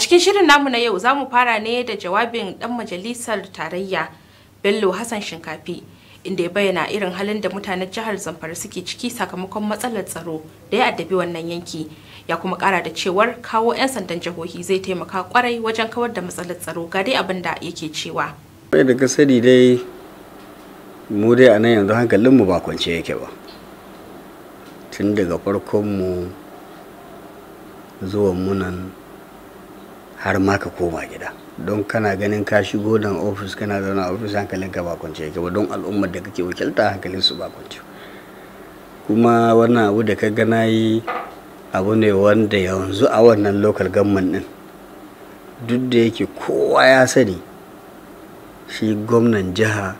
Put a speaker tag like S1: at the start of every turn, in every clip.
S1: cikin shirin namu na yau za mu fara ne da jawabin dan majalisar tarayya Bello Hassan Shinkafi inda ya bayyana irin halin da mutanen jihar Zamfara suke ciki sakamakon matsalar tsaro da ya addabi wannan yanki. Ya kuma kara da cewar kawo 'yan sandan jihohi zai taimaka kwarai wajen kawar da matsalar tsaro ga dai abin da yake cewa.
S2: Bai da kasari dai mu dai a nan yanzu hankalinmu ba kwance yake ba. Tun daga farkonmu zuwan munan har ma ka koma gida don kana ganin ka shigo dan ofis kana zauna ofis hankalin ka ba yake ba don al'ummar da kake wakilta hankalin su ba kuma wannan abu da ka gana yi abu ne wanda yanzu a wannan lokal government din duk da yake kowa ya sani shi gwamnan jiha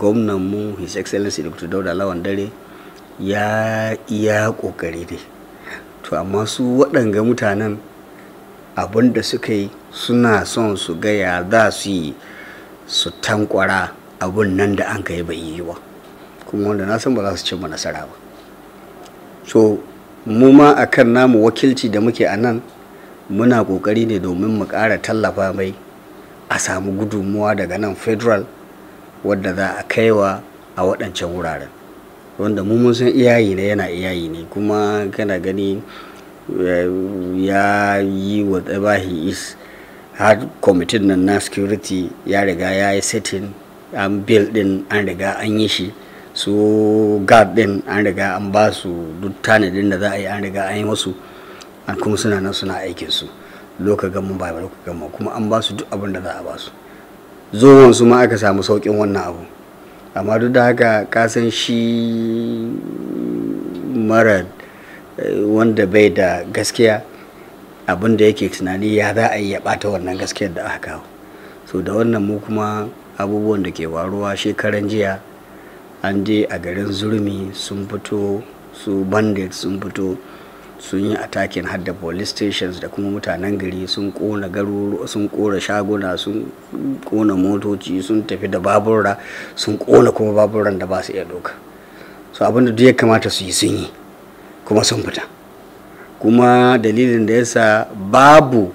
S2: gwamnan mu his excellency dr dauda lawan dare ya iya kokari ne to amma su waɗanga mutanen abin da suka yi suna son su gaya za su yi su tankwara abin nan da an kai bai yi ba kuma wanda na san ba za su cimma nasara ba so mu ma a kan namu wakilci da muke a nan muna kokari ne domin mu ƙara tallafa mai a samu gudunmuwa daga nan federal wadda za a kaiwa a waɗancan wuraren wanda mu mun san iyayi ne yana iyayi ne kuma kana gani ya yi wa he is har kwamitin nan na security ya riga ya yi setting an bill din an riga an yi shi su guard din an riga an ba su duk tanadin da za a yi an riga an yi wasu an kuma suna nan suna aikin su loka gama ba loka gama kuma an ba su duk abin da za a ba su zuwan su ma aka samu saukin wannan abu amma duk da haka kasan shi mara wanda bai da gaskiya abin da yake tunani ya za a yi ya ɓata wannan gaskiyar da aka kawo so da wannan mu kuma abubuwan da ke waruwa shekaran jiya an je a garin zurmi sun fito su bandit sun fito sun yi atakin har da police stations da kuma mutanen gari sun kona garuru sun kora shaguna sun kona motoci sun tafi da babura sun kona kuma baburan da ba su iya doka so abinda duk ya kamata su yi sun yi kuma sun fita kuma dalilin da yasa babu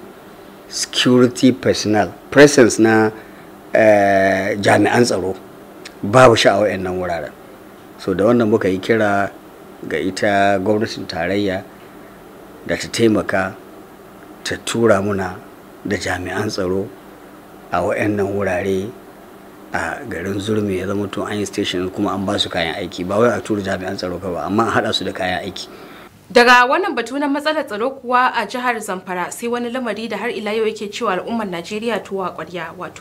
S2: security personnel presence na eh, jami'an tsaro babu sha'awar nan wuraren so da wannan muka yi kira ga ita gwamnatin tarayya da ta taimaka ta tura muna da jami'an tsaro a wa'annan wurare a garin zurmi ya zama to an yi station kuma an ba su kayan aiki ba wai a tura jami'an tsaro ka ba amma an haɗa su da kayan aiki
S1: daga wannan batu na matsalar tsaro kuwa a jihar zamfara sai wani lamari da har ila yau yake cewa al'ummar najeriya tuwa kwarya wato